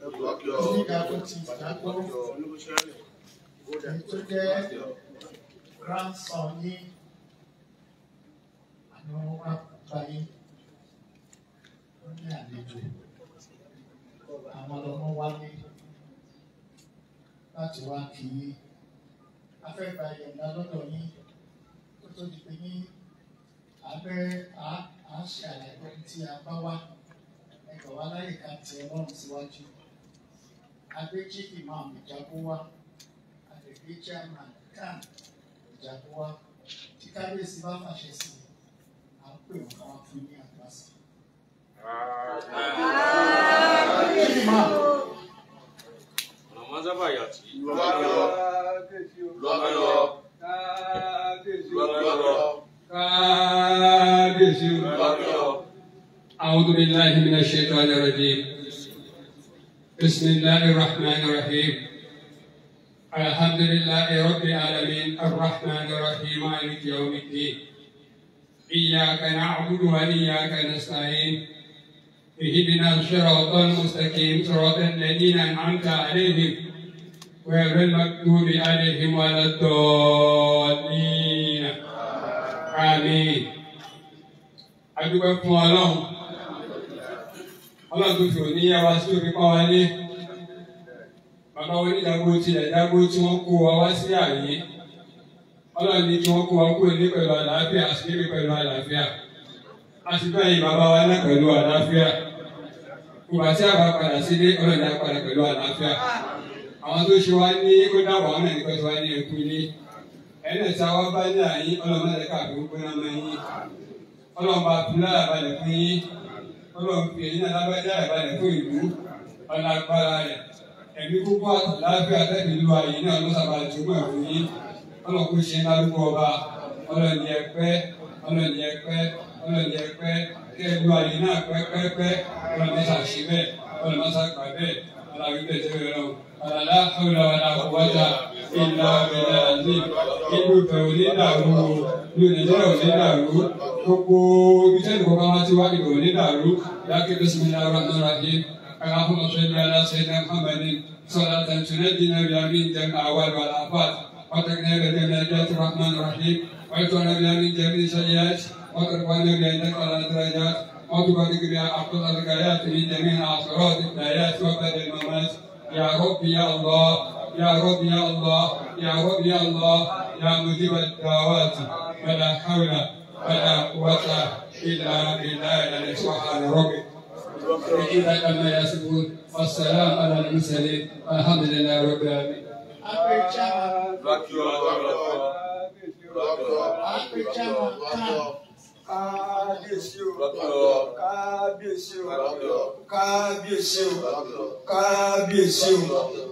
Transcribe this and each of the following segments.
ní ìdájọ́ ti ìdájọ́ èyí tó jẹ́ grandson ní àwọn àgbáyé ó ní àlejò àwọn ọmọ wa ní láti wá kì í afẹ́gbà yọ̀ǹda lọ́dọ̀ yín ó tó di pé ní abẹ́ àá ṣe tí a bá wá ẹgbẹ̀ wá láyè ká tiẹ̀ lọ́rùn síwájú agbé chief imam ìjàpọ̀wá àtẹ̀gbé chairman kan ìjàpọ̀wá tí kábíyèsí bá fàṣẹ sí i à ń pè wọ́n káwọn fún ní àdúrà sí i. chief imam. ọ̀nàmọ́ sábà yàtí. lọ́mọ́lọ́ lọ́mọ́lọ́ lọ́mọ́lọ́ kábíyèsí. lọ́mọ́lọ́. أعوذ بالله من الشيطان الرجيم بسم الله الرحمن الرحيم الحمد لله رب العالمين الرحمن الرحيم مالك يوم الدين إياك نعبد وإياك نستعين اهدنا الصراط المستقيم صراط الذين أنعمت عليهم غير المكتوب عليهم ولا الضالين آمين أدعوكم الله ọlọ́run tó fi òní yá wa sí omi pa wa lé bàbá wọn ní ìdágbó tilẹ̀ ìdágbó tí wọ́n kó wa wá sí àyè ọlọ́run ní kí wọ́n kó wa kó ilé pẹ̀lú àlàáfíà àti ilé pẹ̀lú àlàáfíà àti báyìí bàbá wa náà pẹ̀lú àlàáfíà ìgbà tí a bá padà sílé ọlọ́run náà padà pẹ̀lú àlàáfíà àwọn tó ṣe wá ní kó dáwọ̀ àwọn ẹnìkan tó wá ní ẹkú ilé ẹni ẹ̀ta wá bá ní àyín ọlọ́run náà lẹ́ka àbí ó gbéra mọ́ ẹ̀yìn ọlọ́run bá fi lára fún yín. Ọlọ́run fi èyí náà lágbájá ìbàdàn fún ìlú ọ̀nà agbára rẹ̀ ẹ̀mí púpọ̀ àtàláfíà tẹ̀mí lu ààyè náà ló sábà jùmọ̀ ẹ̀fún yín Ọlọ́run kò ṣe lárúkọ ọba Ọlọ́run yẹ pẹ́ Ọlọ́run yẹ pẹ́ Ọlọ́run yẹ pẹ́ kẹ́ lu ààyè náà pẹ́pẹ́pẹ́ Ọlọ́run mẹ́ta ṣe bẹ́ẹ̀ Ọlọ́run mẹ́ta gbà bẹ́ẹ̀ Ọlọ́run bẹ́ẹ̀ tẹ́lẹ̀ lọ́wọ́ Ọlọ́run láfẹ́ Ọlọ́run àwọn ọ̀wọ́ta ìlà ọ̀gbẹ̀dẹ̀ àdé ìlú ìfẹ̀wò nígbà wo. Nàìjíríà ò ní dàrú gbogbo ibi tẹ́lẹ̀ kọ́ bá wá ti wá ìbò ní dàrú yàtọ̀ bisimilayi rahman rahim aláhùn ọ̀sẹ̀dá aláṣẹ́dá muhammadin sọlá tẹ̀sílẹ̀ dínà bíyàmí jẹun àwọn àlàáfàt wàtẹ̀kẹ́ bẹ̀rẹ̀ nàìjíríà rahman rahim wàtẹ̀kẹ́ bíyàmí jẹun sẹ́yẹ́t wàtẹ̀kẹ́ bíyàmí jẹun وتبارك بها أفضل الزكايات من جميع العصرات الآيات وبدل الممات يا رب يا الله يا رب يا الله يا رب يا الله يا مجيب الدعوات فلا حول ولا قوة إلا بالله الذي سبحان ربك إذا كما يصفون والسلام على المرسلين الحمد لله رب العالمين. Kábíyèsí o, kábíyèsí o, kábíyèsí o, kábíyèsí o.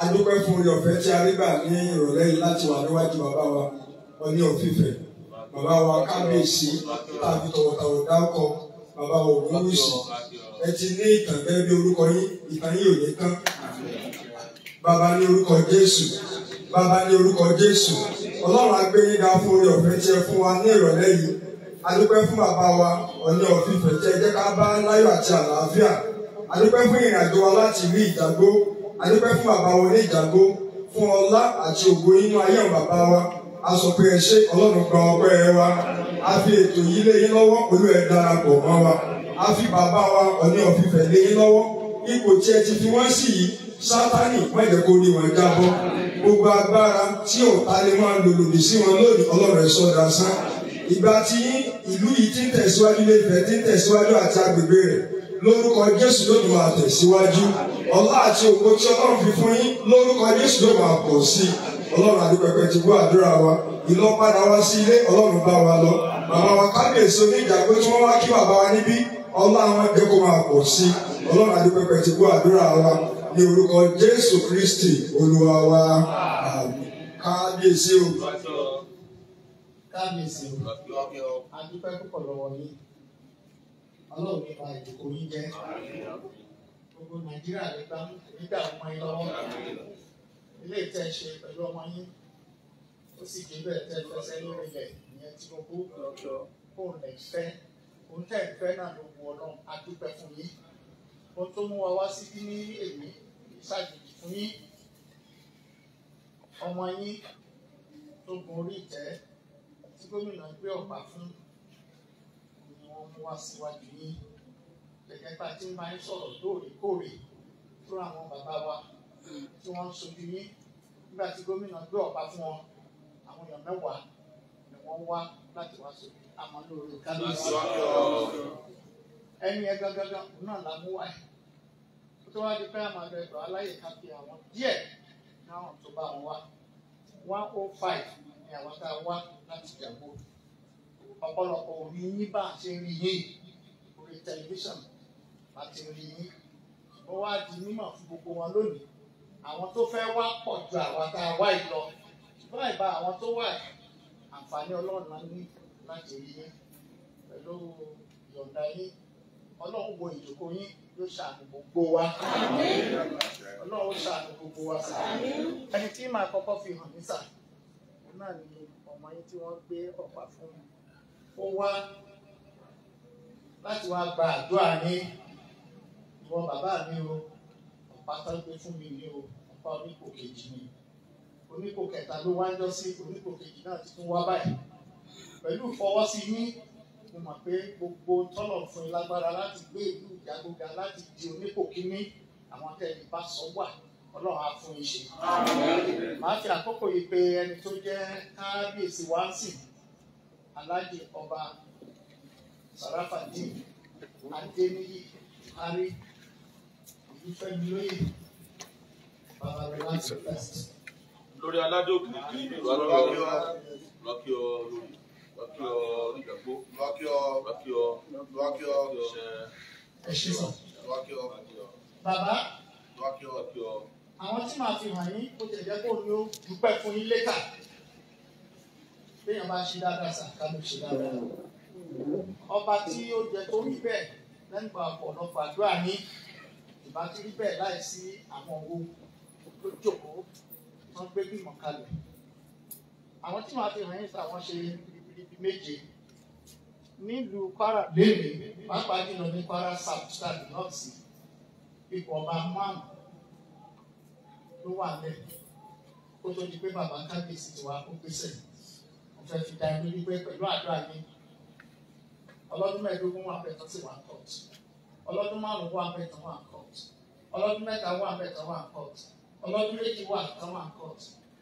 adúpẹ́ fún orí ọ̀fẹ́ tí a rí gbà ní ìrọ̀lẹ́ yìí láti wà níwájú bàbá wa ọní òfìfẹ́ bàbá wa kábíyèsí tàbí tọ̀wọ̀tọ̀wọ̀ dákọ̀ bàbá wa ògúnwùsì ẹ ti ní ìtàn gẹ́gẹ́ bí orúkọ yín ìtàn yìí ò ní tán bàbá ní orúkọ Jésù bàbá ní orúkọ Jésù ọlọ́run agbẹ́yìn ga fún orí ọ̀fẹ́ tí ẹ fún wa ní ìrọ̀lẹ́ yìí adúpẹ́ fún bàbá wa ọní òfìfẹ́ tí ẹ jẹ́ ká bá láyọ̀ àti àlàáfíà adúpẹ́ fún ìrìnàjò wa láti rí ìdágbó adúpẹ́ fún bàbá wa Oníjàgbó fún ọlá àti ògo inú ayé àwọn bàbá wa a sọ pé ẹ ṣé ọlọ́run gba ọpẹ́ wa a fi ètò yìí lé yín lọ́wọ́ pẹ̀lú ẹ̀ darapọ̀ mọ́ wa a fi bàbá wa Ọọ̀ni of Ifẹ̀ lé yín lọ́wọ́ ipò tí ẹ ti fi wọ́n sí yìí sátánì má jẹ́ kó ní wọn jábọ́ gbogbo agbára tí ọ̀tá lè máa lòlòdì sí wọn lónìí ọlọ́run ẹ̀ sọ́dà ìgbà tí ìlú yìí ti ń tẹ̀síwájú lè fẹ́ ti ń tẹ̀síwájú àti agbègbè rẹ̀ lórúkọ Jésù lónìí wà tẹ̀síwájú ọlá àti ògo tí ọlọ́run fi fún yín lórúkọ Jésù yóò máa pọ̀ sí i ọlọ́run àdúpẹ̀pẹ̀ ti gbọ́ àdúrà wa ìlọ́padà wá sí ilé ọlọ́run bá wa lọ bàbá wa kábíyèsí oníjàgbé tí wọ́n wá kí bàbá wa níbí ọlá àwọn ẹgbẹ́ kó máa pọ̀ sí i ọlọ́run àdúpẹ̀pẹ̀ ti gbọ́ àdúrà wa ní orúkọ Jésù Kristi olúwa wa kábíyèsí o. kábíyèsí o adúpẹ́ púpọ̀ lọ́wọ́ yín ọlọ́run nípa ìdókòwò yín jẹ́ gbogbo nàìjíríà lè gbà nígbà ọmọ yín lọ́wọ́ ilé ìtẹ́ ṣe pẹ̀lú ọmọ yín ó sì dé bẹ́ẹ̀ tẹ́ fẹsẹ̀ lórí ilẹ̀ ìyẹn tí gbogbo òun lè fẹ́ òun tẹ̀ fẹ́ náà ló wù ọlọ́run adúpẹ́ fún yín ohun tó mú wa wá sí bí ní èmi ìṣàjèjì fún yín ọmọ yín tó gun orí ìtẹ́ tí gómìnà gbé ọ̀pá fún ni wọ́n mú wá síwájú yín gẹ́gẹ́ bá ti máa ń sọ̀rọ̀ lóòrèkóòrè fún àwọn bàbá wa tí wọ́n ń sojú yín nígbà tí gómìnà gbé ọ̀pá fún wọn àwọn èèyàn mẹ́wàá ni wọ́n wá láti wá sojú àmọ́ lórí kábíyèsí ẹni ẹ gangan náà la mú wáyé tó wá di pé àmàlọ ẹgbẹ́ aláyè ká fi àwọn díẹ̀ náà tó bá wọn wá one oh five ni àwọn tá a wá láti jàgbó ọ̀pọ̀lọpọ̀ òní yín bá a ṣe rí yín orí tẹlifíṣàn láti rí yín ó wá di mímọ̀ fún gbogbo wọn lónìí àwọn tó fẹ́ wá pọ̀ ju àwa tá a wá yìí lọ ṣùgbọ́n ìbá àwọn tó wà àǹfààní ọlọ́run ní láti rí yín pẹ̀lú ìyọ̀ǹda yín ọlọ́run wo ìjòkó yín yóò ṣàánú gbogbo wa ọlọ́run ṣàánú gbogbo wa ẹni tí màá kọ́kọ́ fi hàn ní sáà náà ni ọmọ yín tí wọ́n gbé ọ̀pá fún ó wá láti wá gba àdúrà yín wọn bàbá mi o ọ̀pá tán gbé fún mi ni o ọ̀pá onípò kejì ni onípò kẹta ló wá ń jọ sí onípò kejì náà ti tún wá báyìí pẹ̀lú ìfọwọ́sí yín mo mọ̀ pé gbogbo tọ́lọ̀ fún yín lágbára láti gbé ìlú ìyàgóga láti di onípò kínní àwọn tẹ́lẹ̀ bá sọ wà ọlọ́run á fún yín ṣe. màá fi àkókò yìí pé ẹni tó jẹ́ kábíyèsí wa ń sìn aláàjì ọba sàràfàdì adéníyí parí lórí aládé òkè kiri ìlú alọ́lọ́ lọ́kí ọ lórí lọ́kí ọ onígbàgbó lọ́kí ọ lọ́kí ọ lọ́kí ọ ṣẹ ẹṣin sàn lọ́kí ọ lọ́kí ọ. bàbá lọ́kí ọ lọ́kí ọ. àwọn tí màá fi hàn yín ó jẹ jẹ kó ní ó dúpẹ́ fún yín létà béèyàn bá ṣe dáadáa sàn ká ló ṣe dáadáa ọba tí ó jẹ tó rí bẹ́ẹ̀ lẹ́nu àpọ̀ lọ́pàá àdúrà ní ìbá ti rí bẹ́ẹ̀ láì sí àwọn owó tó jókòó tó ń gbé gbìmọ̀ kalẹ̀ àwọn tí màá fi hàn yín sí àwọn ṣe ribiribi méje nílùú Kwara lèmi pàápàá jùlọ ní Kwara south tàbí north sea ipò ọba márùn ló wà lẹ kó tó di pé bàbá kábíyèsí ti wá kó gbèsè mo fẹ́ fi da ẹni wípé pẹ̀lú àdúrà yín ọlọ́dún mẹ́ẹ̀ẹ́dógún wà pẹ̀tọ́ sí wà tọ́tù ọlọ́dún márùn-ún wà bẹ́ẹ̀ tán wà court ọlọ́dún mẹ́ta wà bẹ́ẹ̀ tán wà court ọlọ́dún méjì wà tán wà court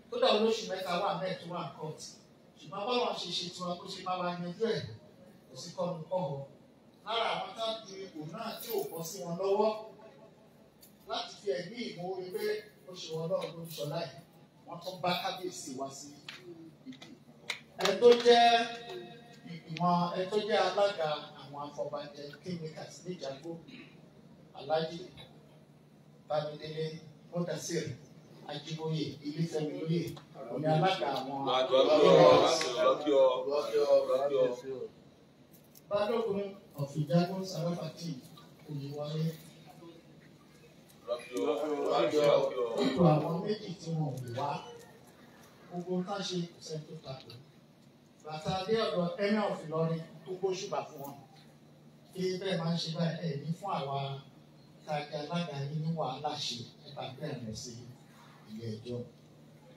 kódà olóṣù mẹ́ta wà bẹ́ẹ̀ tó wà court ṣùgbọ́n báwọn ṣe ṣe tiwọn kó ṣe máa yanjú ẹ̀ kò sí kọ́nu kọ́ ọ lára àwọn táàbù ipò náà tí ò bọ́ sí wọn lọ́wọ́ láti fi ẹ̀mí ìmoore pé ó ṣe wọn náà ló ń wọn afọbajẹ kẹ́míkàs níjàgbó alájì bámidélé mọdàsír ajíbóyè iléfẹ́mi lóyè òní alága àwọn balógun ọ̀fìjágún sàràfàtì òyìnwọlé ipò àwọn méjì tí wọn ò wá gbogbo tá a ṣe kò sẹ́ni tó takò bàtà dé ọ̀dọ̀ ẹ̀mẹ́ ọ̀fìlọ́rin gbogbo ṣùgbà fún wọn tí bẹ́ẹ̀ máa ń ṣe báyìí ẹ̀ fún àwa tàbí alága yín ní wàhálà ṣe nípa bẹ́ẹ̀ rẹ̀ sí ilé ẹjọ́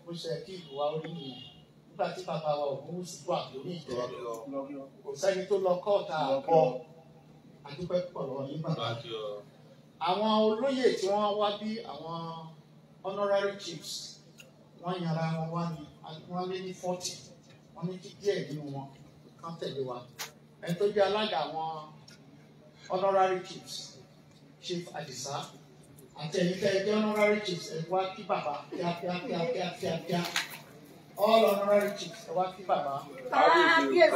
ó ṣe kí ìlú wa ó ní ìyẹn nígbà tí bàbá wa ògún sì wà lórí ìtẹ́ kò sẹ́ni tó lọ kọ́ọ̀tà àbọ̀ àdúpẹ́ púpọ̀ lọ́wọ́ yín àwọn olóyè tí wọ́n wá bí àwọn honorary chiefs wọ́n yanra wọn wá ní wọ́n lé ní forty wọ́n ní kí díẹ̀ nínú wọn kán tẹ̀lé wa ẹni tó jẹ́ alága àwọn honorary chiefs chief Adisa àtẹ̀yìntẹ́ ẹgbẹ́ honorary chiefs ẹ wá kí bàbá kíákíákíákíákíá all honorary chiefs ẹ wá kí bàbá. kábíyèsí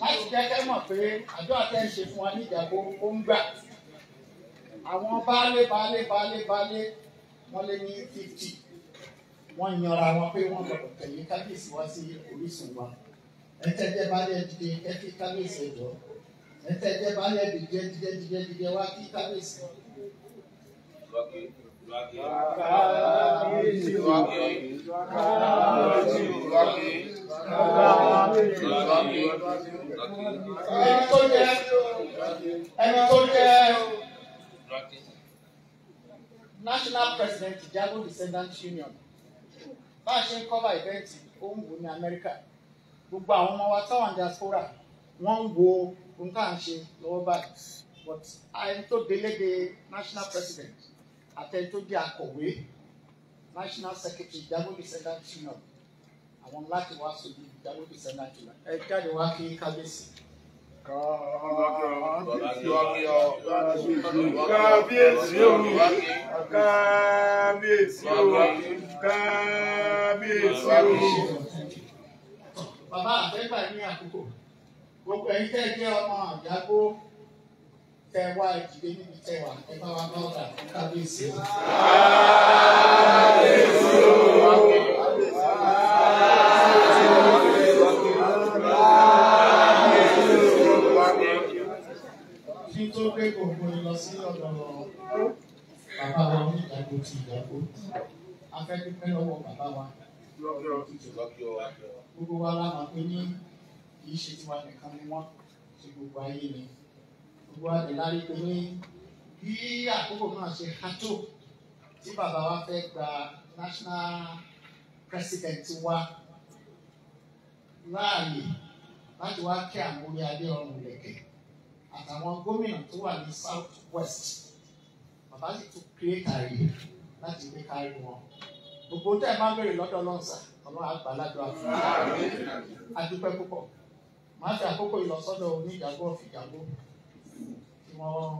láti jẹ́kẹ́ mọ̀ pé àjọ àtẹ̀ṣe fún wa níjàgbó ó ń gbà àwọn baálé baálé baálé baálé wọ́n lé ní fifty wọ́n yanra wọn pé wọ́n gbọ́dọ̀ tẹ̀lé kábíyèsí wá sí orísun wa ẹ̀tẹ́jẹ́ balẹ̀ dìde kẹ́kí kábíyèsí ẹ̀jọ́ ẹ̀tẹ́jẹ́ balẹ̀ dìde dìde dìde dìde wá kí kábíyèsí. kábíyèsí wákè kábíyèsí wákè kábíyèsí wákè. ẹni tó jẹ ẹni tó jẹ National President Jago Descendants Union bá a ṣe ń cover event ó ń wò ní Amẹ́ríkà gbogbo àwọn ọmọ wa táwọn diaspora wọ́n ń wo ohun tá à ń ṣe lọ́wọ́ báyìí but ẹni tó délédé national president àtẹni tó jẹ́ akọ̀wé national secretary Ìjágbó Descendant Union àwọn láti wá sójú Ìjágbó Descendant Union ẹ jáde wá kí kábíyèsí kábíyèsí o kábíyèsí o kábíyèsí o. bàbá àtẹ́gbà ní àkókò gbogbo ẹ̀yin tẹ́ jẹ́ ọmọ àjágbó tẹ wá ìdílé níbi tẹ wà ẹ bá wa náà rà kábíyèsí o. kábíyèsí o. gbogbo ni lọ sí ọ̀dọ̀ bàbá wa ní ìdájọ́ ti ìyàgò. A fẹ́ dúpẹ́ lọ́wọ́ bàbá wa. Gbogbo wa la mọ̀ pé ní kì í ṣe tiwa nìkan ni wọ́n ti gbogbo ayé ni. Gbogbo wa lárí pé ní bí àkókò náà ṣe há tó tí bàbá wa fẹ́ gba national president wa láàyè láti wá kí àwọn orí adé ọrùn lẹ̀kẹ̀ àtàwọn gómìnà tó wà ní south west bàbá sì tún create ààyè láti gbé kárí wọn gbogbo tẹ́ ẹ máa béèrè lọ́dọ̀ lọ́nsà ọlọ́run àgbàlagbà fún adúpẹ́ púpọ̀ màá fi àkókò ìlọsọ́dọ̀ oníjàgbọ́ ọ̀fìjàgbọ́ tí wọ́n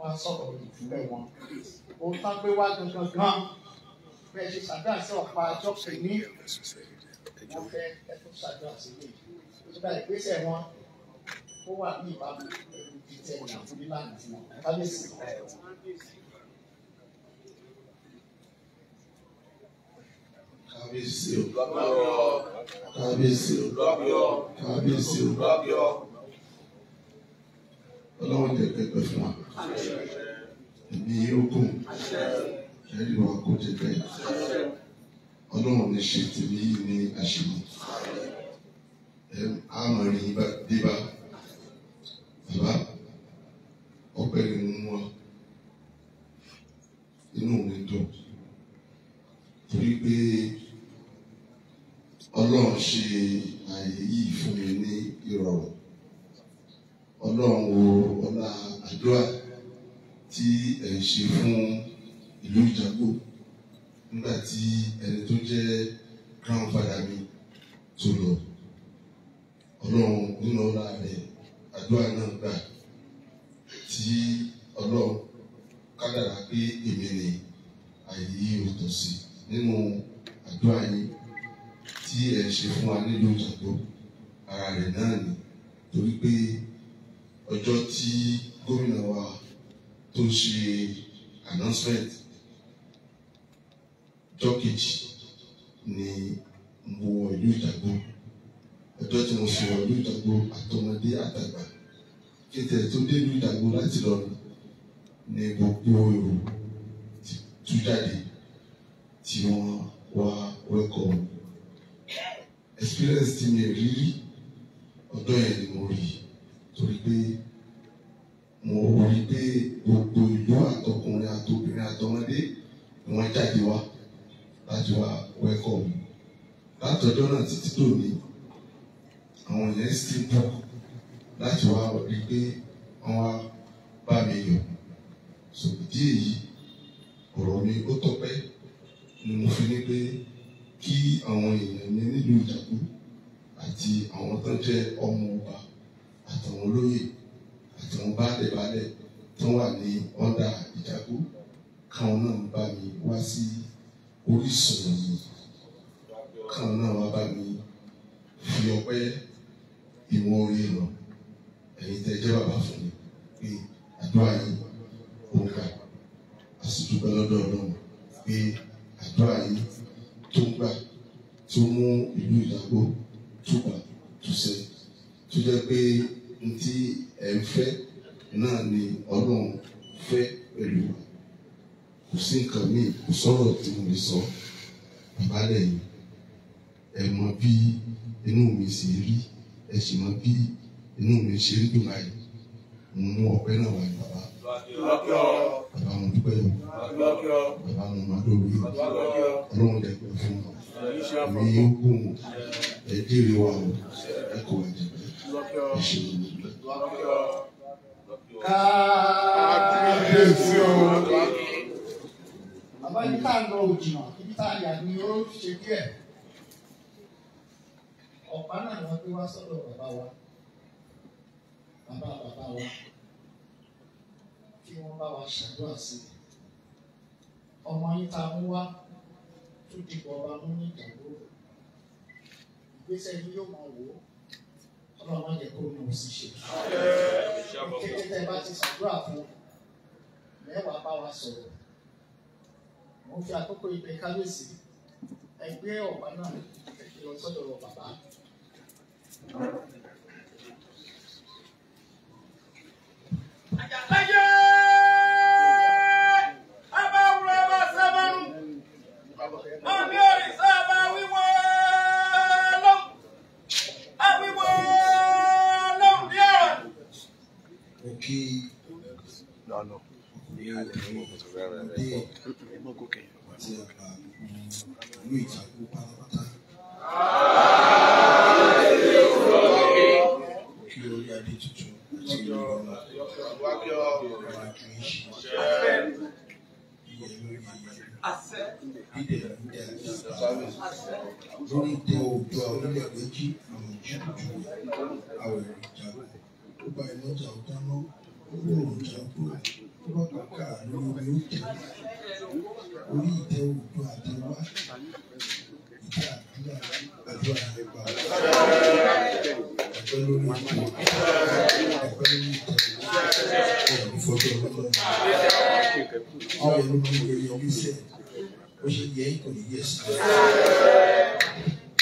wá sọ̀rọ̀ ìfúnbẹ̀ wọn ohun tó ń gbé wá gangan gan bẹ́ẹ̀ ṣe ṣàdúrà sí ọ̀pá àjọpẹ̀ ní ọ̀fẹ́ ẹ̀kọ́ ṣàdúrà sílẹ̀ ìgbésẹ̀ wọn tó wà ní ìbámu pẹ̀lú ìtẹ̀yìn àti nílànà ìfún kábíyèsí. Kábíyèsí o, kábíyèsí o, kábíyèsí o, kábíyèsí o. Ọlọ́run jẹ́ pẹpẹ fún wa. Ẹ̀mí yóò gùn. wa kò jẹ bẹ́ẹ̀. Ọlọ́run ní ṣe tèmi ní àṣìlò. Ẹ á mọ̀ rí bíbá. tó dé ní ìdàgbò láti lọ ní gbogbo èrò ti tú jáde tí wọ́n wá wẹ́kọ̀ọ́ experience ti mi rírí ọ̀dọ́ yẹn ni mo rí torí pé mo rí pé gbogbo ìlú àtọkùnrin àtobìnrin àtọmọdé ni wọ́n jáde wá láti wá wẹ́kọ̀ọ́ látọjọ́ náà títí dòní àwọn yẹn sì ń bọ̀ láti wá rí pé wọn bá mi yọ sòkìdí èyí ọ̀rọ̀ mi ó tọ́pẹ́ ni mo fi ní pé kí àwọn èèyàn mi nílùú ìjàkú àti àwọn tó jẹ́ ọmọ ọba àtàwọn olóyè àtàwọn baálẹ̀baálẹ̀ tó wà ní ọ̀dà ìjàkú káwọn náà bá mi wá sí orísun yìí káwọn náà wá bá mi fi ọpẹ́ ìwọ̀n orí ràn ẹ̀yin tẹ́ jẹ́ bàbá fún mi pé àdúrà yìí kò ká a sì dúpẹ́ lọ́dọ̀ Ọlọ́run pé àdúrà yìí tó ń gbà tó mú ìlú ìdàgbò tó gbà tó sẹ tó jẹ́ pé n tí ẹ ń fẹ́ náà ni Ọlọ́run fẹ́ pẹ̀lú wa kò sí nǹkan míì kò sọ̀rọ̀ tí mo lè sọ bàbá lẹ́yìn ẹ mọ̀ bí inú mi sì rí ẹ sì mọ̀ bí inú mi ṣe ń dùn báyìí mú ọpẹ́ náà wá ní bàbá bàbá mo dúpẹ́ o bàbá mo máa dóbi ọlọ́run dẹ̀ pẹ́ fún wa èmi yóò kó o ẹ̀dí rẹ wà o ẹ̀kọ́ ẹ̀jẹ̀ bẹ́ẹ̀ ẹ̀ṣẹ̀ mi dúpẹ́. káàbíyèsí o. bàbá yìí tá à ń lọ òjìnà ibi tá a yà ni ó ṣe díẹ̀ ọ̀pá náà ni wọ́n gbé wá sọ́dọ̀ bàbá wa bàbá bàbá wa kí wọ́n bá wa ṣàdúrà sí i ọmọ yín ta mú wá tó dìbò ọba mú ní ìdàgbò ìgbésẹ̀ yín yóò máa wò ó ọlọ́run má jẹ́ kó ní òsì ṣe kékeré tẹ́ bá ti ṣàdúrà fún mẹ́wàá bá wa sọ̀rọ̀ mo fi àkókò ibẹ̀ kábíyèsí ẹgbẹ́ ọ̀pá náà ẹ̀kí lọ sọ́dọ̀ bàbá. bó ṣe dé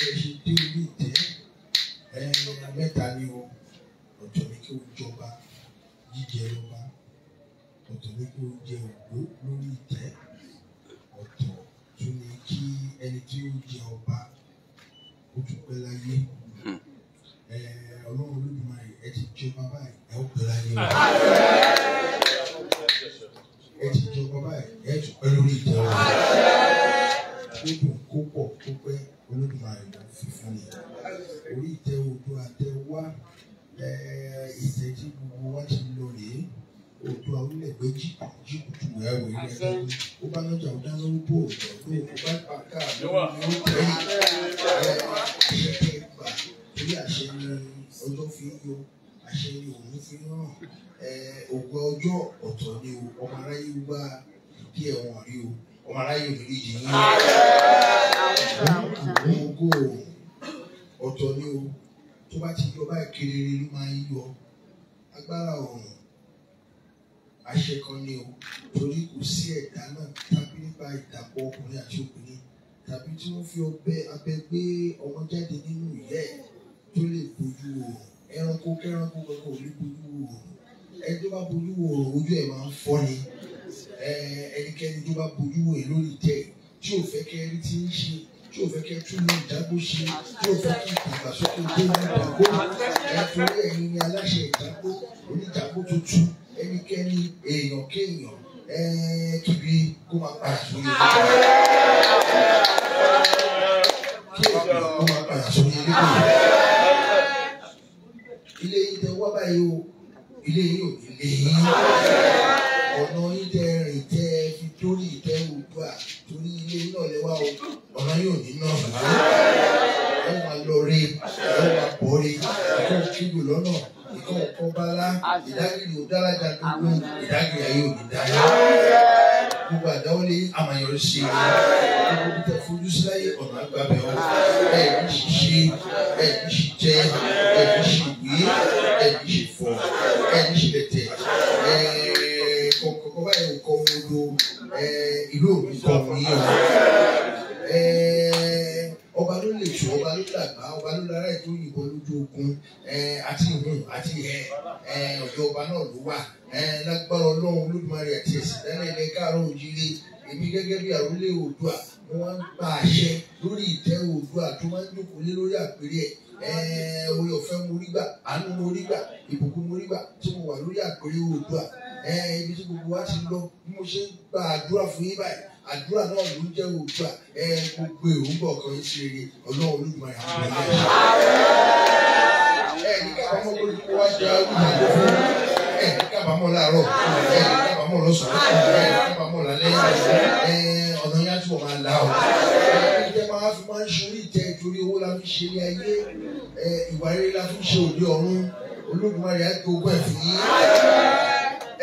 orí ìtẹ́ mẹ́ta ni o ọ̀tọ̀ ni kí o jọba jíjẹ ọba ọ̀tọ̀ ni kí o jẹ ògbó lórí ìtẹ́ ọ̀tọ̀ tún ni kí ẹni tí ó jẹ ọba ó tún pẹ́ láyé. torí kò sí ẹ̀dá náà tàbí nípa ìdàpọ̀ ọkùnrin àti obìnrin tàbí tí wọ́n fi ọbẹ̀ abẹ gbé ọmọ jáde nínú ìyá ẹ̀ tó lè bojú oòrùn ẹranko kẹranko kankan ò lè bojú oòrùn ẹni tó bá bojú oòrùn ojú ẹ̀ máa ń fọ́ ni ẹnikẹ́ni tó bá bojú oòrùn lórí tẹ̀ tí ò fẹ́ kẹ́ ẹni tí ń ṣe tí o fẹ́ kẹ́ tún ìdágbó ṣe tí o fẹ́ kí ìdàgbàsókè dé ní ìdàgbó ẹ̀tọ́ ẹ̀yin ni aláṣẹ ìdàgbó kìbí kó máa padà sórí ilé ah. kìbí kó máa padà sórí ilé kò ilé yìí tẹ wá báyìí o ilé yìí ò ní lè yín ọ̀nà yìí tẹ rìn tẹ fi dórí ìtẹ́ òdua torí ilé náà lẹ́wà o ọ̀nà yìí ò ní náà ẹ máa lọ rí ẹ máa bọ̀ rí ẹ kọ́ kíkù lọ́nà nǹkan ẹ̀kọ́ bala ìdágìrì ò dáradà gbogbo ìdágìrì ayé ò ní dára. Gbogbo àdáwọ́ lé àmàyọ̀rọ̀ ṣe é. Gbogbo tẹ fojú sí láyé ọ̀nà àgbàbẹ̀ ọ̀. Ẹ̀mí ṣiṣẹ́, ẹ̀mí ṣiṣẹ́, ẹ̀mí ṣìwé, ẹ̀mí ṣìfọ̀, ẹ̀mí ṣìlẹ̀tẹ̀. Kọ̀ọ̀kan báyìí kọ́ wọn lóru. náà ló wà lágbára ọlọ́run olódùmarè àti ìsìlẹ́nà ilẹ̀ káàárọ̀ òjìlé èmi gẹ́gẹ́ bí àrólé oòdùà mo máa ń gba àṣẹ lórí ìtẹ́ oòdùà tó máa ń jókòó lé lórí àpèrè ẹ̀ orí ọ̀fẹ́ mo àánú mo ìbùkún mo tí mo wà lórí àpèrè oòdùà ibi tí gbogbo wa ti lọ bí mo ṣe ń gba àdúrà fún yín báyìí àdúrà náà ló ń jẹ́ oòdùà gbogbo èròǹgbà ọkàn yín ti rere ọlọ́run olódùmarè àwọn ẹ̀ ẹ̀ nígbà wọn kó ẹ kábàámọ̀ láàárọ̀ ẹ kábàámọ̀ lọ́sàn-án ẹ kábàámọ̀ lálẹ́ ẹ ọ̀nà yẹn àti wọ́n máa la ọ̀ ẹ máa fi máa ń ṣorí ìtẹ́ torí owó la fi ṣe ní ayé ẹ ìwà rere la fi ṣe òde ọ̀run Olódùmarè á tó ogún ẹ̀ fún yín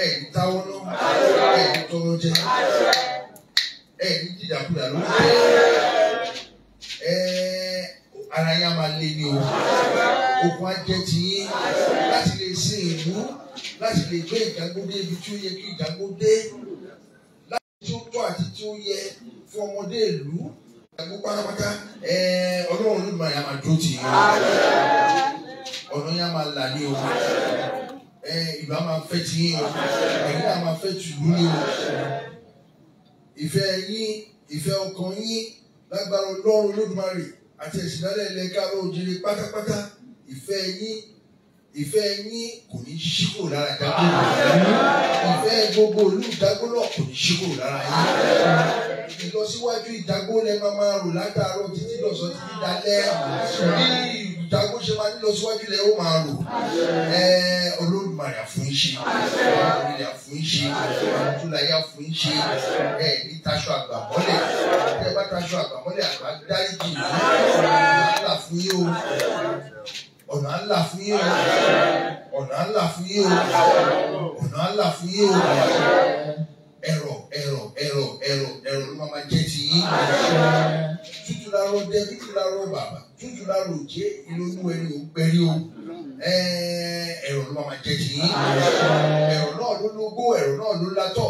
ẹ ní táwọn náà ẹ ní tọrọ jẹ ẹ ní dìdàkudà lórí ẹ ara yẹn á máa lé ní o okun á jẹ tiyín láti lè sin ìlú láti lè gbé ìjàngbódé ibi tí ó yẹ kí ìjàngbódé láti tí ó tọ́ àti tí ó yẹ fún ọmọdé ìlú ìjàngbó pátápátá ọlọ́run ló máa yà dúró tì í ọ̀nà yà máa là ní o ìbá máa fẹ́ tì í ẹ̀yìn náà máa fẹ́ tì ní o ìfẹ́ yín ìfẹ́ ọkàn yín lágbára ọlọ́run Olódùmarè àti ẹ̀sìn lálẹ́ ilẹ̀ káàró òjìrì pátápátá ìfẹ́ yín ìfẹ́ yín kò ní ṣí kúrò lára ìdágbòrò ìfẹ́ gbogbo olú ìdágbòrò kò ní ṣí kúrò lára yín ìlọsíwájú ìdágbòrò lẹ máa máa rò látàárọ̀ títí lọ́sàn títí dalẹ́ bí ìdágbòrò ṣe máa nílọsíwájú lẹ ó máa rò olódùmarè àfún ṣe olódùmarè àfún ṣe àtúnláyé àfún ṣe ẹ ní taṣọ àgbàmọ́lẹ̀ ẹ bá taṣọ àgbàmọ́lẹ̀ àgbà dáríjì ní ọ̀la fún yín o ọ̀nà ńlá fún yín o ọ̀nà ńlá fún yín o ọ̀nà ńlá fún yín o ẹ̀rọ ẹ̀rọ ẹ̀rọ ẹ̀rọ ẹ̀rọ ló máa jẹ́ ti yín tútù lárọ dẹ tútù lárọ bàbà tútù lárọ jẹ ìlónú ẹni ò gbẹrí o ẹ̀rọ ló máa jẹ́ ti yín ẹ̀rọ náà ló lógó ẹ̀rọ náà ló látọ̀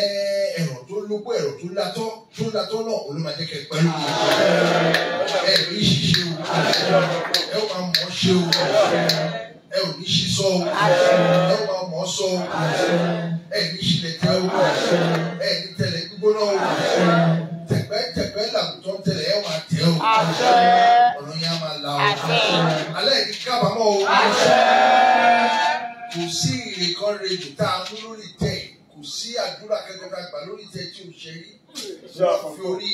ẹ̀rọ tó lógó ẹ̀rọ tó látọ̀ tó látọ̀ náà ló máa jẹ́ kẹ́ pẹ́lú ẹ̀rọ ìṣiṣẹ́ o ẹ ó mọ̀ ọ́ ṣe o ẹ ò ní ṣí sọ o ẹ ó mọ̀ ọ́ sọ o ẹ ní ṣílẹ̀ tẹ o ẹ ní tẹ̀lẹ̀ gbígbóná o tẹ̀pẹ́tẹ̀pẹ́ làkùtọ̀ tẹ̀lẹ̀ ẹ máa tẹ̀ o ọ̀nà yẹn á máa la o alẹ́ ní kábàámọ̀ o kò sí ìrèkan rèjò tá a mú lórí ìtẹ́ kò sí àdúrà kẹ́kọ̀ọ́ ká gbà lórí ìtẹ́ tí o ṣe rí fi orí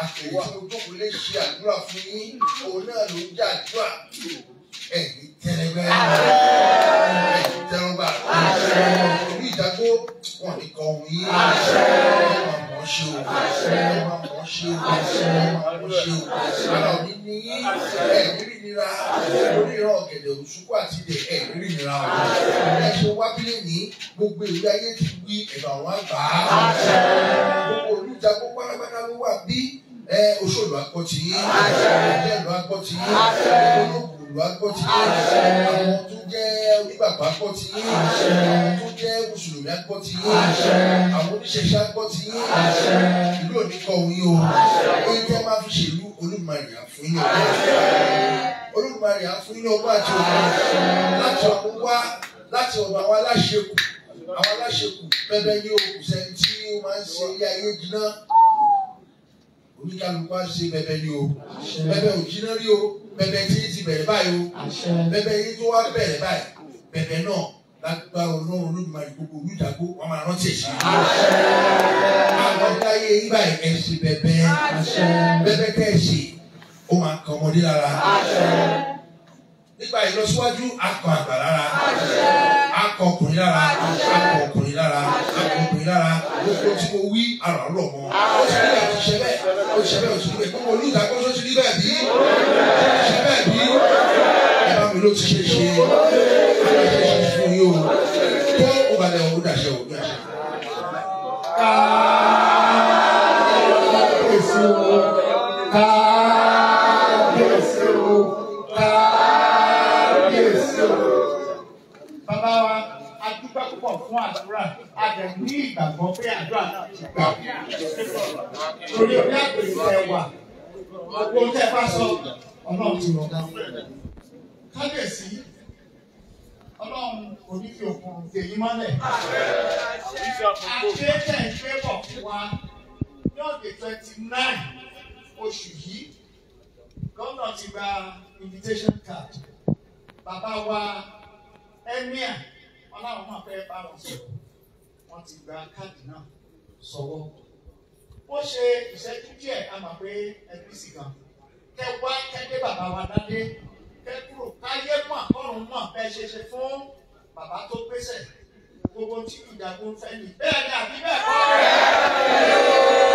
àtẹ̀yìn tí mo jókòó lè ṣe àdúrà fún yín òun náà ló ń jẹ́ àdúrà ẹ̀mí tẹ̀lẹ́gbẹ́ ẹ̀mí tẹ̀lọ́gbà orí ìdágbó wọn ní kan wí ẹ̀mọ̀ mọ̀ ṣe o ẹ̀mọ̀ mọ̀ ṣe o ẹ̀mọ̀ mọ̀ ṣe o ara òní ní ẹ̀mí rí nira lórí ìran ọ̀gẹ̀dẹ̀ òṣùkú àti ilẹ̀ ẹ̀mí rí nira o ẹ̀ṣẹ̀ wábílẹ̀ ní gbogbo ìwé ayé ti wí ẹ̀bà wọn gbà á gbogbo olùjagbó pátápátá ló wà bí ẹ Òṣòlù akọ́tì yín ẹ̀ẹ́dẹ́gbẹ̀rún akọ́tì yín olókùlù akọ́tì yín àwọn tó jẹ́ onígbàgbọ́ akọ́tì yín àwọn tó jẹ́ mùsùlùmí akọ́tì yín àwọn oníṣẹ̀ṣe akọ́tì yín ìlú òní kọ́ òun o oyin tẹ́ máa fi ṣèlú Olódùmarè àfún yín o Olódùmarè àfún yín ọgbọ́n àti òun láti ọ̀pọ̀ wá láti ọ̀dọ̀ àwọn aláṣẹ kù àwọn aláṣẹ kù pẹ́pẹ́ ní okùn sẹ́ni tí ó máa ń ṣe ilé ayé jìnnà oníkálukú á ṣe ni o bẹ̀bẹ̀ ò o bẹ̀bẹ̀ tí ti bẹ̀rẹ̀ báyìí o bẹ̀bẹ̀ yìí tó wá bẹ̀rẹ̀ báyìí bẹ̀bẹ̀ náà lágbá ọlọ́run olódùmarè gbogbo olùdàgbò wọn máa rántí ẹ̀ṣẹ̀. àwọn ọ̀dáyé yìí báyìí ẹ ṣe bẹ̀bẹ̀ bẹ̀bẹ̀ ó máa kàn ọmọdé lára nípa ìlọsíwájú akọ àgbà lára akọ ọkùnrin lára akọ ọkùnrin lára akọ ọkùnrin lára gbogbo tí mo wí ara lọ mọ ó sì rí àti ṣe bẹ́ẹ̀ ó ṣe bẹ́ẹ̀ ó sì rí bẹ́ẹ̀ gbogbo olùkà kó tó ti rí bẹ́ẹ̀ bí ṣe bẹ́ẹ̀ bí ẹ bá mi ló ti ṣe ṣe ẹ ṣe ṣe fún yín o tó o balẹ̀ o dàṣẹ o dàṣẹ. Káàárọ̀ ìfún wọn. gbà torí orí àpèjọ ẹwà gbogbo tẹ bá sọ Ọlọ́run ti rọ dáhùn kábíyèsí Ọlọ́run onífi òkun èyí mọ́lẹ̀ àṣẹ tẹ ń gbé bọ̀ fún wa ní ọ̀dẹ̀ twenty nine oṣù yìí gómìnà ti gba invitation card bàbá wa emir wọn làwọn máa fẹ́ bá wọn sọ̀rọ̀ wọn ti gba káàdì náà sọwọ́. wọ́n ṣe ìṣẹ́jú díẹ̀ a mọ̀ pé ẹbí sì kan kẹ wá kẹ́dé bàbá wa dádé kẹ kúrò káyé mọ̀ àkọ́rùn mọ̀ bẹ́ẹ̀ ṣe ṣe fún bàbá tó gbéṣẹ̀ gbogbo tí ìjàgbọ́n fẹ́ ni bẹ́ẹ̀ ni àbí bẹ́ẹ̀ kọ́.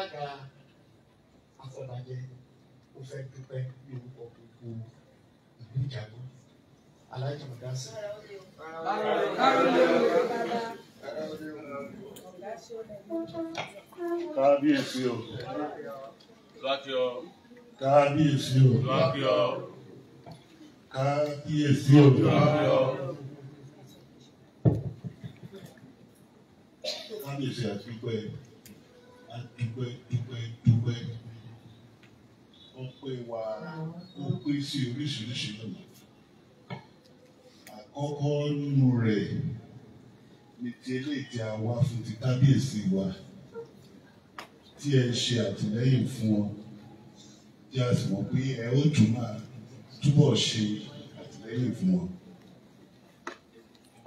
alága afọbajẹ ó fẹ́ dúpẹ́ ní orúkọ gbogbo ìlú ìjàgbó alájà ọ̀gá sí. kábíyèsí o kábíyèsí o kábíyèsí o. kábíyèsí àti pẹ́ adúpẹ́ dúpẹ́ dúpẹ́ ọpẹ́ wa ó pín sí oríṣiríṣi lọ́nà àkọ́kọ́ nínú rẹ̀ ní ti eléyìí tí a wá fún ti kábíyèsí wa tí ẹ ṣe àtìlẹ́yìn fún ọ tí a sì mọ̀ pé ẹ ó tún máa túbọ̀ ṣe àtìlẹ́yìn fún ọ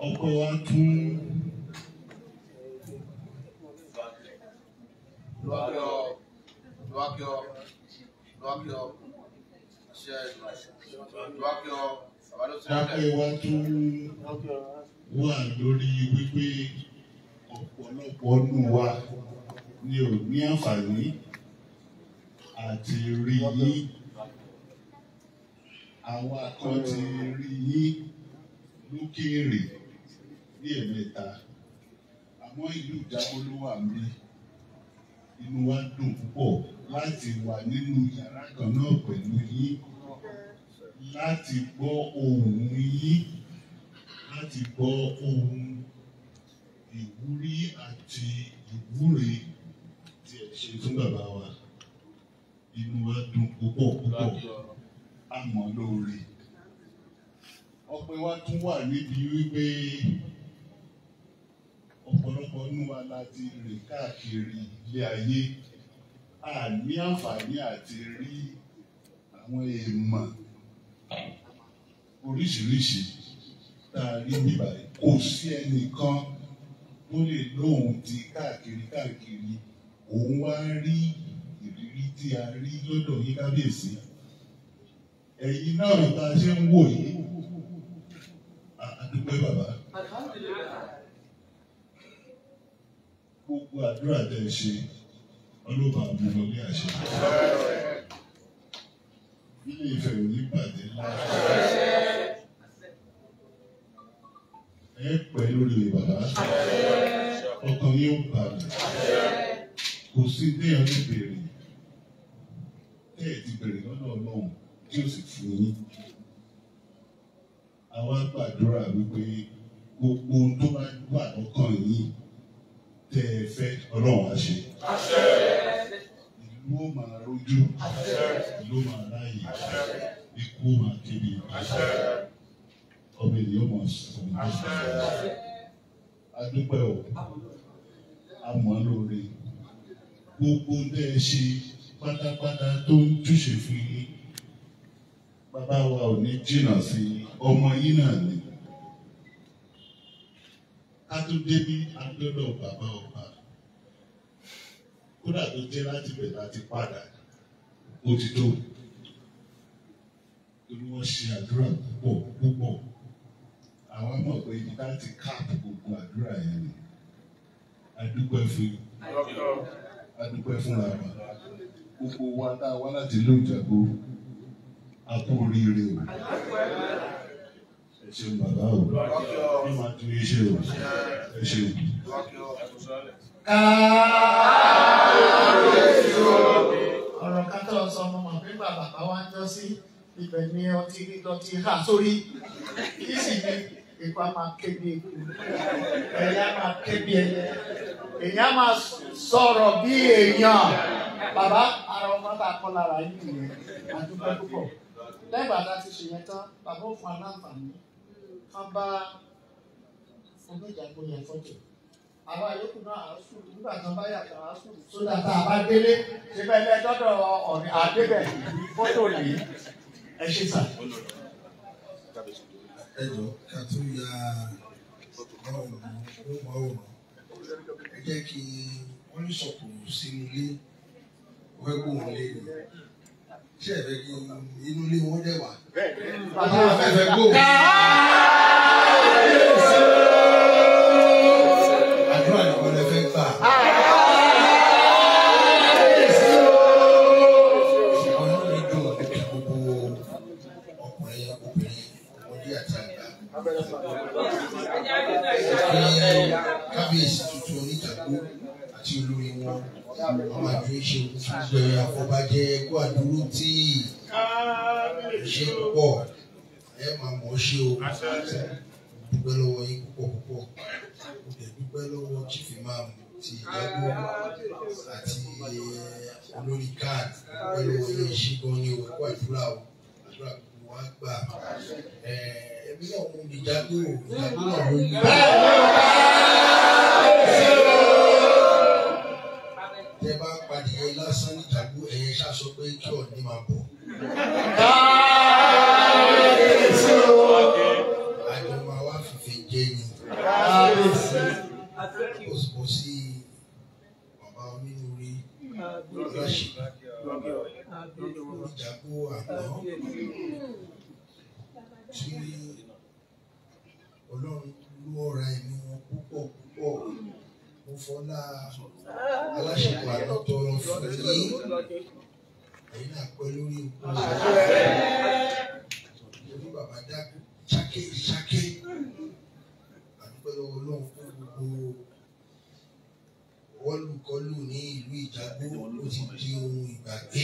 ọpẹ́ wa tún. Lock it up. Lock it up. Lock it up. Lock it up. Wákẹ́ wá tó wà lórí wípé ọ̀pọ̀lọpọ̀ nù wa ni ò ní àǹfààní àti rí yín àwa kan ti rí yín lókèèrè ní ẹ̀mẹ́ta àmọ́ ìlú ìdáwó ló wà mí inú wa dùn púpọ̀ láti wà nínú yàrá kan náà pẹ̀lú yín láti gbọ́ ohùn yín láti gbọ́ ohùn ìwúrí àti ìwúre tí ẹ ṣe fún bàbá wa inú wa dùn púpọ̀ púpọ̀ àmọ́ lóore ọpẹ́ wa tún wà níbi wípé ọ̀pọ̀lọpọ̀ inú wa la ti rìn káàkiri ilé ayé a ní àǹfààní àti rí àwọn èèmọ̀ oríṣiríṣi tá a rí níbà kò sí ẹnìkan tó lè lóun ti káàkiri káàkiri òun wá rí ìrírí tí a rí lọ́dọ̀ yín kábíyèsí ẹ̀yin náà tá ṣe ń wò yìí àdúgbò bàbá gbogbo àdúrà tẹ̀ ẹ ṣe ọlọ́ba àbúrò ní àṣẹ. Ilé Ifẹ̀ ò ní pàdé ńlá. Ẹ pẹ́ lórí rẹ̀ bàbá. Ọkàn yóò balẹ̀. Kò sí déyàn ní bèrè. Ẹ ti bèrè lọ́dọ̀ Ọlọ́run tí ó sì fún yín. Àwa gbàdúrà wípé gbogbo ohun tó bá wà lọ́kàn yín tẹ ẹ fẹ́ ọlọ́run á ṣe. ìlú ó máa rojú ìlú ó máa ráyè ikú ó máa kébi ọmọ ènìyàn máa sọ̀rọ̀ adúpẹ́ o àmọ́ lóore gbogbo bẹ́ ẹ ṣe pátápátá tó ń túṣe fún yín bàbá wa ò ní jìnnà sí ọmọ yín náà ní kátó débí agbẹ́dọ̀ bàbá ọba kódà tó jẹ́ láti bẹ̀rẹ̀ láti padà ó ti tó torí wọ́n ṣe àdúrà púpọ̀ púpọ̀ àwọn mọ̀ pé ibi láti káàpù gbogbo àdúrà yẹn ni adúpẹ́ fún adúpẹ́ fúnra wa gbogbo wa dá wa láti lóòjàgbó a kú oríire o ṣe bàbá o ní máa tún iṣẹ́ o ẹ ṣe o. káàbíyèsí o. ọ̀rọ̀ kátó ọ̀sán ọmọ màmí bàbá bá wá ń jọ sí ibẹ̀ ni ọtí lílọ ti hà sórí kí sì ni ìpa máa ké bí eku ẹ̀yà máa ké bí ẹyẹ èyàn máa sọ̀rọ̀ bí èèyàn bàbá ara ọmọ bá kọ́ lára yìí nìyẹn àdúgbò púpọ̀ lẹ́gbàá láti ṣèyẹn tán bàbá ò fún aláǹfààní wọ́n bá ọmọ ìjàgbọ́n yẹn fọ́tò àwa yòókù náà à ń sùn nígbà tí wọ́n bá yàtọ̀ à ń sódà tá a bá délé síbẹ̀ ilé dọ́dọ̀ ọ̀rìn àdébẹ̀ fọ́tò yìí ẹ ṣe sà. ẹ jọ ká tó ya ọ̀rọ̀ ọ̀rọ̀ ọ̀rọ̀ ẹ jẹ́ kí wọ́n ní sínú ilé wẹ́gbọ̀n lé ni ṣe fẹ́ kí inú ilé wọn dẹ̀ wá. bàbá afẹ́fẹ́ ah, gbò. káà ó yẹ ah! sọ́ọ́. ṣe o dúpẹ́ lọ́wọ́ yín púpọ̀ púpọ̀ ìbẹ̀ dúpẹ́ lọ́wọ́ chief ti ìjẹ́bú àti olórí card dúpẹ́ lọ́wọ́ yín ṣí gan ni o o àdúrà gbogbo wa gbà ẹ̀mí náà mo lè jágbó o ìjàgbó náà mo lè. tẹ bá padìyẹ lásán níjàgbó ẹ̀yẹ ṣáṣọ pé kí ọ̀ ní máa bọ̀. lọ́dọ̀ ṣì lọ́dọ̀ ìjàgbó àná tí ọlọ́run ló ọ̀ra ẹ̀mí wọn púpọ̀ púpọ̀ mo fọlá aláṣepọ̀ àná tọrọ fún yín èyí náà pẹ́ lórí òkú ọ̀sán ní bàbá dá ṣáké ṣáké. jágbó ó ti di ohun ìgbàgbé.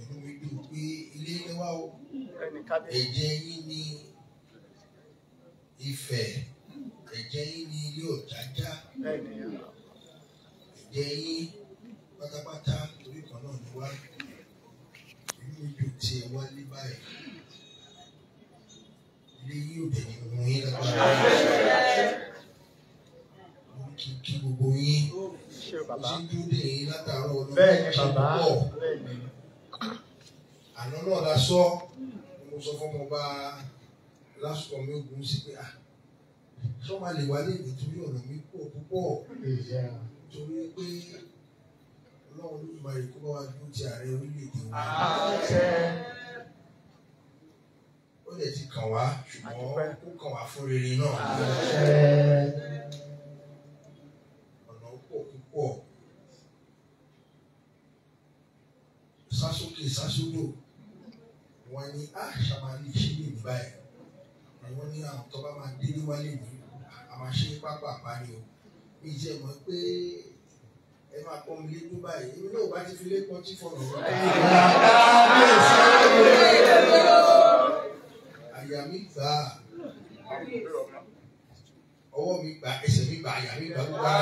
Inú mi dùn pé ilé ilé wa ó ẹ̀jẹ̀ yín ní Ifẹ̀, ẹ̀jẹ̀ yín ní ilé Ọ̀jájá, ẹ̀jẹ̀ yín pátápátá torí kan náà ni wá. Inú mi dùn tí ẹ wá ní báyìí ilé yìí ò dẹ̀ yín lágbára kí gbogbo yín ṣíjú dè yín látàárọ̀ olùkọ́ ṣe púpọ̀ àná náà la mo sọ fún ọmọ lásìkò mi ogun sí pé ah lè wálé ìwé torí ọ̀nà mi pọ̀ púpọ̀ torí pé ọlọ́run ló máa kó bá wa dúró ti ààrẹ orílẹ̀-èdè wa. ó lè ti kàn wá ṣùgbọ́n ó kàn wá fún rere náà. ní a ṣàmàlì ṣe lè gbà ẹ̀ àwọn ní àwọn ah, tó bá máa dé níwálé ní àmàṣe pápá àbáyọ bí jẹ́ mọ̀ pé ẹ máa pọ́n mi lékún báyìí èmi náà bá ti fi lékún tí fọ̀rọ̀ àyà mi gbà ọwọ́ mi gbà ẹsẹ̀ mi gbà àyà mi gbà gbà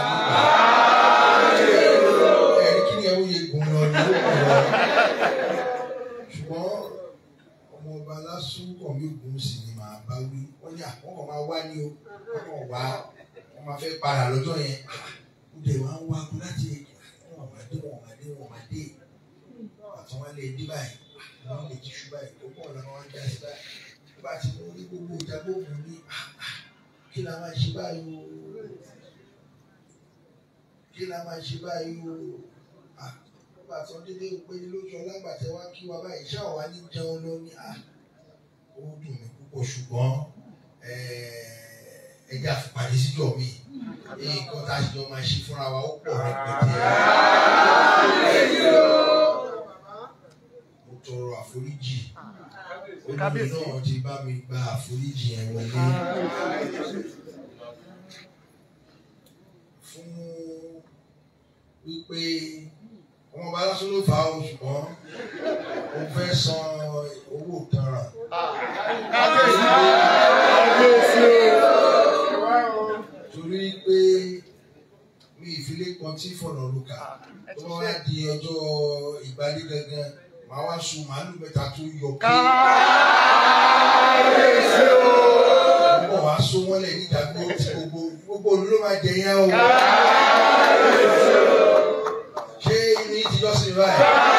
ẹ̀rí kí ni ẹ ó gùn lọ ní òkú pásítọ̀ mi ògùn sì ni màá bá wí wọ́n ní àwọn máa wá ní o wọ́n wá wọ́n máa fẹ́ padà lọ́jọ́ yẹn ó dẹ̀ wá ń wá kú láti wọ́n máa dé wọ́n máa dé wọ́n máa dé àtọ́ wọn lè dí báyìí wọ́n lè ti ṣú báyìí ó pọ̀ lọ́wọ́ wọn já báyìí bá ti mú ní gbogbo ìjà gbogbo ní kí la máa ṣe báyìí o kí la máa ṣe báyìí o nígbà délé pé lójú ọlágbàtẹ́ wá kí wa báyìí ṣáà wá ní jẹun lọ ní à ó dùn mí púpọ̀ ṣùgbọ́n eh, ẹja fìpàdé síjọ mi èyí kan tá a ṣe jọ máa ṣe fúnra wa ó pọ̀ rẹpẹtẹ. ó tọrọ àforíjì olórí náà ti bá mi gba àforíjì yẹn wọlé. fún wípé wọn bá lásán ló fà á o ṣùgbọ́n o fẹ́ san owó tara. torí pé mi ìfilé kan tí fọ̀nà lóka tó bá wá di ọjọ́ ìgbàlè gangan màá wá sun màálù mẹ́ta tó yọ kí. mo wá so wọ́n lẹ̀ níta gbogbo gbogbo olú ló máa jẹ yẹn o. 对。